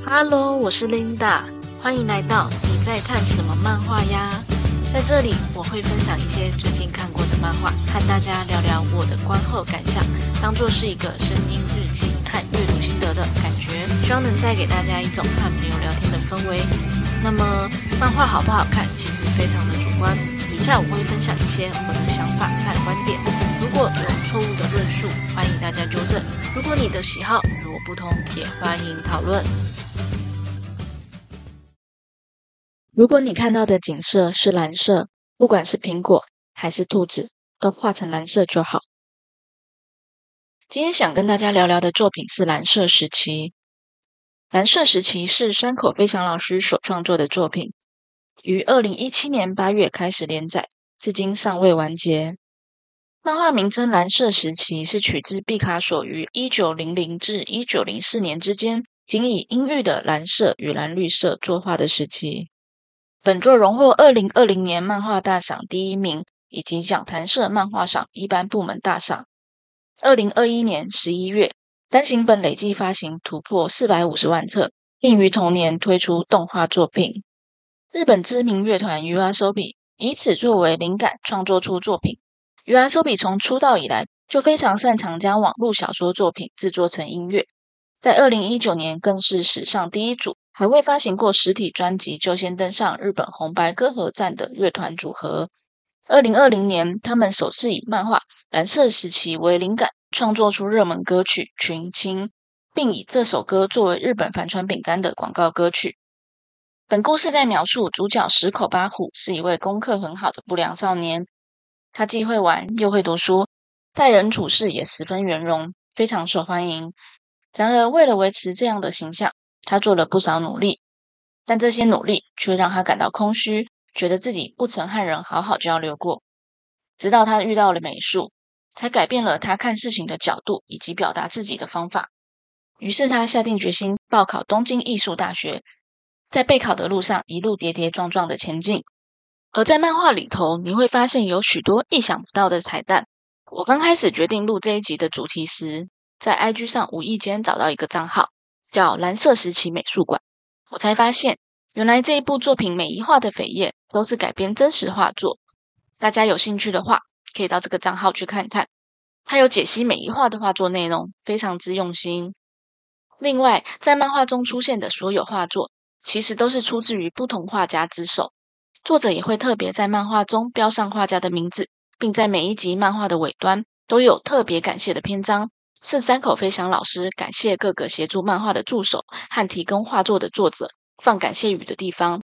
哈嘍，Hello, 我是 Linda，歡迎來到你在看什麼漫畫呀？在這裡我會分享一些最近看過的漫畫，和大家聊聊我的觀後感想，當做是一個聲音日記和閱讀心得的感覺，希望能帶給大家一種和朋友聊天的氛圍。那麼漫畫好不好看，其實非常的主觀。以下我會分享一些我的想法和觀點，如果有錯誤的論述，歡迎大家糾正。如果你的喜好與我不同，也歡迎討論。如果你看到的景色是藍色，不管是蘋果還是兔子，都畫成藍色就好。今天想跟大家聊聊的作品是藍色時期《藍色時期》。《藍色時期》是山口飛翔老師所創作的作品，於二零一七年八月開始連載，至今尚未完結。漫畫名稱《藍色時期》是取自畢卡索於一九零零至一九零四年之間，僅以陰鬱的藍色與藍綠色作畫的時期。本作榮獲二零二零年漫畫大賞第一名，以及講談社漫畫賞一般部門大賞。二零二一年十一月，單行本累計發行突破四百五十萬冊，並於同年推出動畫作品。日本知名樂團 YOASOBI 以此作為靈感創作出作品。YOASOBI 從出道以來就非常擅長將網絡小說作品製作成音樂，在二零一九年更是史上第一組。還未發行過實體專輯，就先登上日本紅白歌合戰的樂團組合。二零二零年，他們首次以漫畫《藍色時期》為靈感，創作出熱門歌曲《群青》，並以這首歌作為日本帆船餅乾的廣告歌曲。本故事在描述主角矢口八虎是一位功課很好的不良少年，他既會玩又會讀書，待人處事也十分圓融，非常受歡迎。然而，為了維持這樣的形象，他做了不少努力，但這些努力卻讓他感到空虛，覺得自己不曾和人好好交流過。直到他遇到了美術，才改變了他看事情的角度以及表達自己的方法。於是他下定決心報考東京藝術大學，在備考的路上一路跌跌撞撞的前進。而在漫畫裡頭，你會發現有許多意想不到的彩蛋。我剛開始決定錄這一集的主題時，在 IG 上無意間找到一個賬號。叫藍色時期美術館，我才發現，原來這一部作品每一畫的扉頁都是改編真實畫作。大家有興趣的話，可以到這個賬號去看看，它有解析每一畫的畫作內容，非常之用心。另外，在漫畫中出現的所有畫作，其實都是出自於不同畫家之手，作者也會特別在漫畫中標上畫家的名字，並在每一集漫畫的尾端都有特別感謝的篇章。是三口飛翔老師，感謝各個協助漫畫的助手和提供畫作的作者，放感謝語的地方。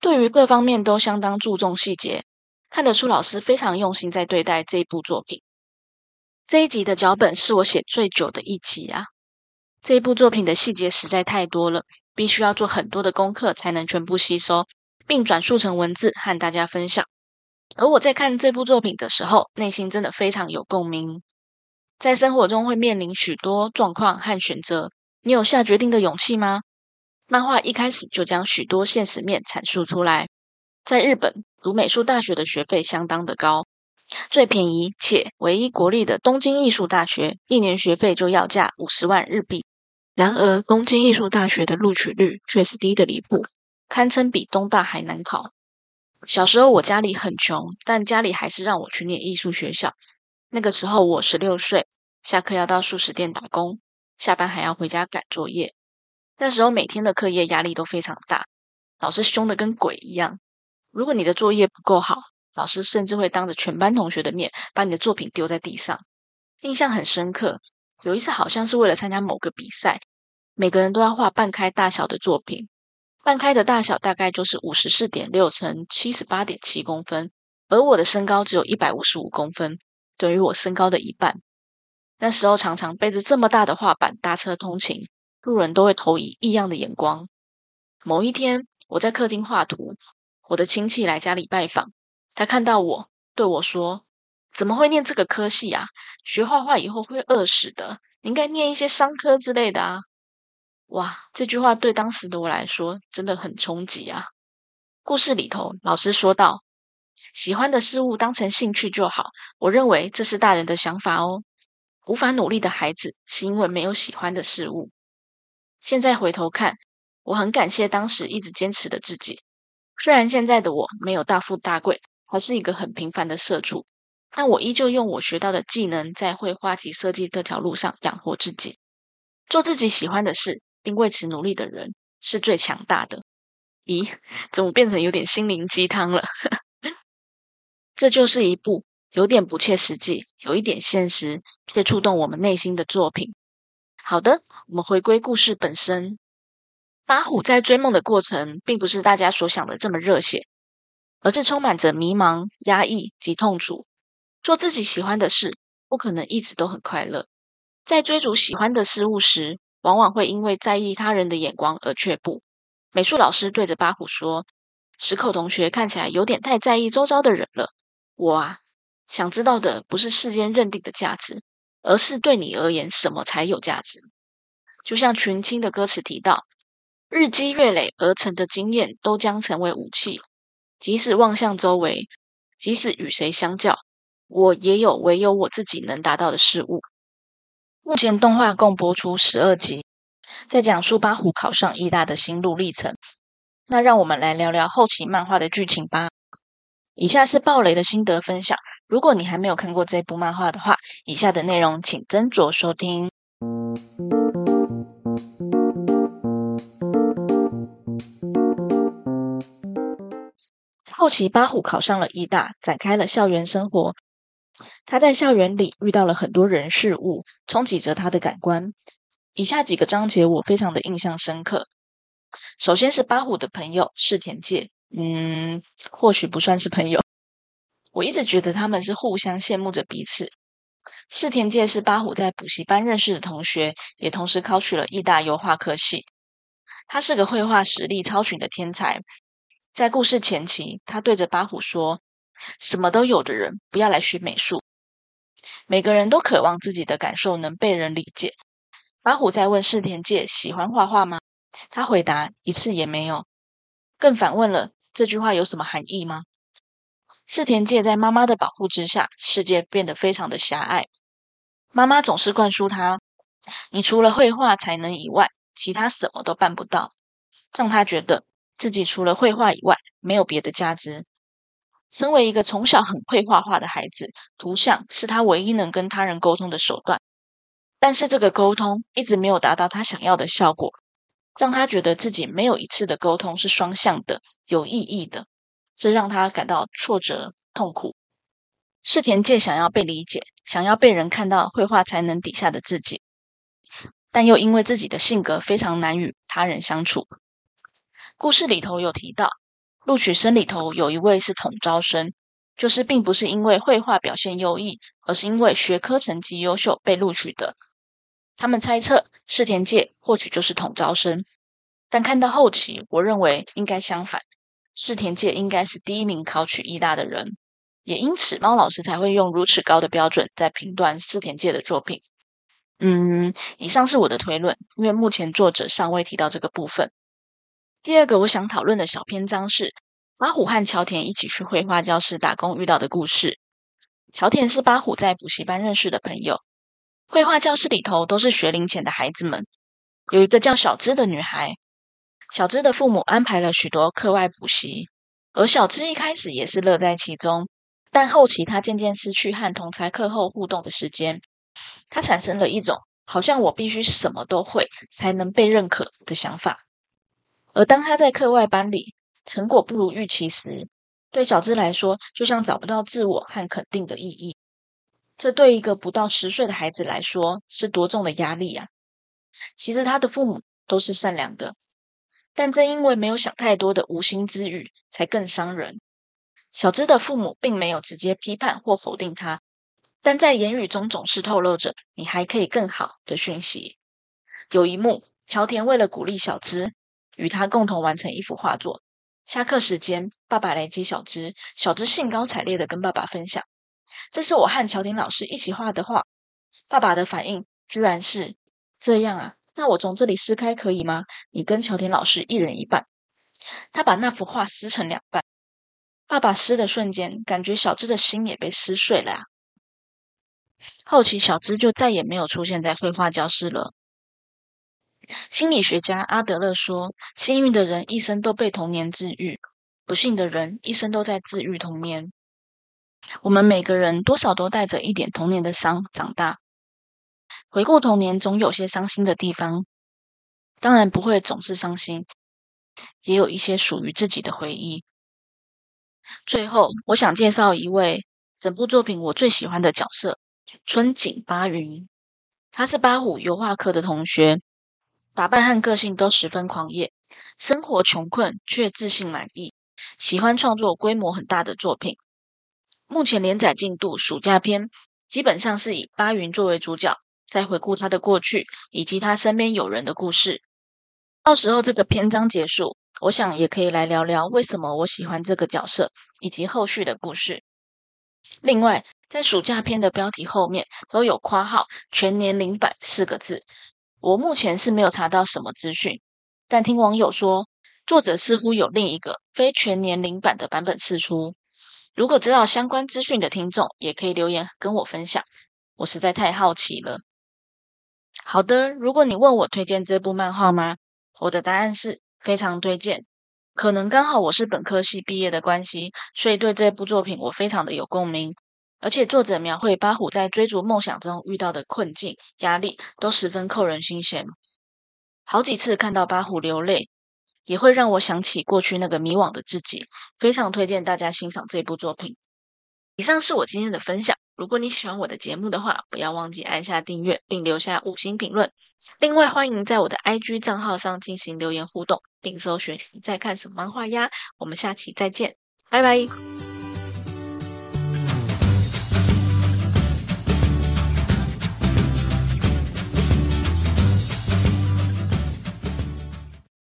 對於各方面都相當注重細節，看得出老師非常用心在對待這一部作品。這一集的腳本是我寫最久的一集啊！這一部作品的細節實在太多了，必須要做很多的功課才能全部吸收，並轉述成文字和大家分享。而我在看這部作品的時候，內心真的非常有共鳴。在生活中會面臨許多狀況和選擇，你有下決定的勇氣嗎？漫畫一開始就將許多現實面闡述出來。在日本，讀美術大學的學費相當的高，最便宜且唯一國立的東京藝術大學，一年學費就要價五十萬日幣。然而，東京藝術大學的錄取率卻是低的離譜，堪稱比東大還難考。小時候，我家裡很窮，但家裡還是讓我去念藝術學校。那個時候我十六歲，下課要到素食店打工，下班還要回家趕作業。那時候每天的課業壓力都非常大，老師凶得跟鬼一樣。如果你的作業不夠好，老師甚至會當着全班同學的面把你的作品丟在地上。印象很深刻，有一次好像是為了參加某個比賽，每個人都要畫半開大小的作品。半開的大小大概就是五十四點六乘七十八點七公分，而我的身高只有一百五十五公分。等於我身高的一半，那時候常常背着這麼大的畫板搭車通勤，路人都會投以異樣的眼光。某一天，我在客廳畫圖，我的親戚來家裡拜訪，他看到我，對我說：“怎麼會念這個科系啊？學畫畫以後會餓死的，你應該念一些商科之類的啊！”哇，這句話對當時的我來說真的很衝擊啊。故事裡頭，老師說道，喜歡的事物當成興趣就好，我認為這是大人的想法哦。無法努力的孩子是因為沒有喜歡的事物。現在回頭看，我很感謝當時一直堅持的自己。雖然現在的我沒有大富大貴，還是一個很平凡的社畜，但我依舊用我學到的技能在繪畫及設計這條路上養活自己，做自己喜歡的事，並為此努力的人是最強大的。咦，怎麼變成有點心靈雞湯了？ 這就是一部有點不切實際、有一點現實卻觸動我們內心的作品。好的，我們回歸故事本身。八虎在追夢的過程，並不是大家所想的這麼熱血，而是充滿着迷茫、壓抑及痛楚。做自己喜歡的事，不可能一直都很快樂。在追逐喜歡的事物時，往往會因為在意他人的眼光而卻步。美術老師對着八虎說：“矢口同學看起來有點太在意周遭的人了。”我啊，想知道的不是世間認定的價值，而是對你而言什麼才有價值。就像群青的歌詞提到，日積月累而成的經驗都將成為武器。即使望向周圍，即使與誰相較，我也有唯有我自己能達到的事物。目前動畫共播出十二集，在講述八虎考上藝大的心路歷程。那讓我們來聊聊後期漫畫的劇情吧。以下是暴雷的心得分享。如果你還沒有看過這部漫畫的話，以下的內容請斟酌收聽。後期八虎考上了藝大，展開了校園生活。他在校園裡遇到了很多人事物，衝擊着他的感官。以下幾個章節我非常的印象深刻。首先是八虎的朋友，世田介。嗯，或許不算是朋友。我一直覺得他們是互相羨慕着彼此。世田介是八虎在補習班認識的同學，也同時考取了藝大油畫科系。他是個繪畫實力超群的天才。在故事前期，他對着八虎說：“什麼都有的人不要來學美術。”每個人都渴望自己的感受能被人理解。八虎在問世田介喜歡畫畫嗎？他回答：“一次也沒有。”更反問了。這句話有什麼含義嗎？世田介在媽媽的保護之下，世界變得非常的狹隘。媽媽總是灌輸他，你除了繪畫才能以外，其他什麼都辦不到，讓他覺得自己除了繪畫以外沒有別的價值。身為一個從小很會畫畫的孩子，圖像是他唯一能跟他人溝通的手段，但是這個溝通一直沒有達到他想要的效果。讓他覺得自己沒有一次的溝通是雙向的、有意義的，這讓他感到挫折、痛苦。世田介想要被理解，想要被人看到繪畫才能底下的自己，但又因為自己的性格非常難與他人相處。故事裡頭有提到，錄取生裡頭有一位是統招生，就是並不是因為繪畫表現優異，而是因為學科成績優秀被錄取的。他們猜測世田介或許就是統招生，但看到後期，我認為應該相反，世田介應該是第一名考取藝大的人，也因此貓老師才會用如此高的標準在評斷世田介的作品。嗯，以上是我的推論，因為目前作者尚未提到這個部分。第二個我想討論的小篇章是八虎和橋田一起去繪畫教室打工遇到的故事。橋田是八虎在補習班認識的朋友。繪畫教室裡頭都是學齡前的孩子們。有一個叫小芝的女孩，小芝的父母安排了許多課外補習，而小芝一開始也是樂在其中。但後期她漸漸失去和同儕課後互動的時間，她產生了一種好像我必須什麼都會才能被認可的想法。而當她在課外班裡成果不如預期時，對小芝來說，就像找不到自我和肯定的意義。這對一個不到十歲的孩子來說是多重的壓力啊！其實他的父母都是善良的，但正因為沒有想太多的無心之語，才更傷人。小芝的父母並沒有直接批判或否定他，但在言語中總是透露着“你還可以更好”的訊息。有一幕，喬田為了鼓勵小芝，與他共同完成一幅畫作。下課時間，爸爸來接小芝，小芝興高采烈地跟爸爸分享。這是我和喬田老師一起畫的畫，爸爸的反應居然是這樣啊？那我從這裡撕開可以嗎？你跟喬田老師一人一半。他把那幅畫撕成兩半。爸爸撕的瞬間，感覺小芝的心也被撕碎了呀、啊。後期小芝就再也沒有出現在繪畫教室了。心理學家阿德勒說：幸運的人一生都被童年治癒，不幸的人一生都在治癒童年。我們每個人多少都帶着一點童年的傷長大。回顧童年，總有些傷心的地方，當然不會總是傷心，也有一些屬於自己的回憶。最後，我想介紹一位整部作品我最喜歡的角色——春景八雲。他是八虎油畫科的同學，打扮和個性都十分狂野，生活窮困卻自信滿意，喜歡創作規模很大的作品。目前連載進度，暑假篇基本上是以八雲作為主角，在回顧他的過去以及他身邊友人的故事。到時候這個篇章結束，我想也可以來聊聊為什麼我喜歡這個角色以及後續的故事。另外，在暑假篇的標題後面都有括號“全年齡版”四個字，我目前是沒有查到什麼資訊，但聽網友說，作者似乎有另一個非全年齡版的版本釋出。如果知道相關資訊的聽眾，也可以留言跟我分享。我實在太好奇了。好的，如果你問我推薦這部漫畫嗎？我的答案是非常推薦。可能剛好我是本科系畢業的關係，所以對這部作品我非常的有共鳴。而且作者描繪八虎在追逐夢想中遇到的困境、壓力，都十分扣人心弦。好幾次看到八虎流淚。也會讓我想起過去那個迷惘的自己，非常推薦大家欣賞這部作品。以上是我今天的分享。如果你喜歡我的節目的話，不要忘記按下訂閱並留下五星評論。另外，歡迎在我的 IG 賬號上進行留言互動，並搜尋“你在看什麼漫畫呀”。我們下期再見，拜拜。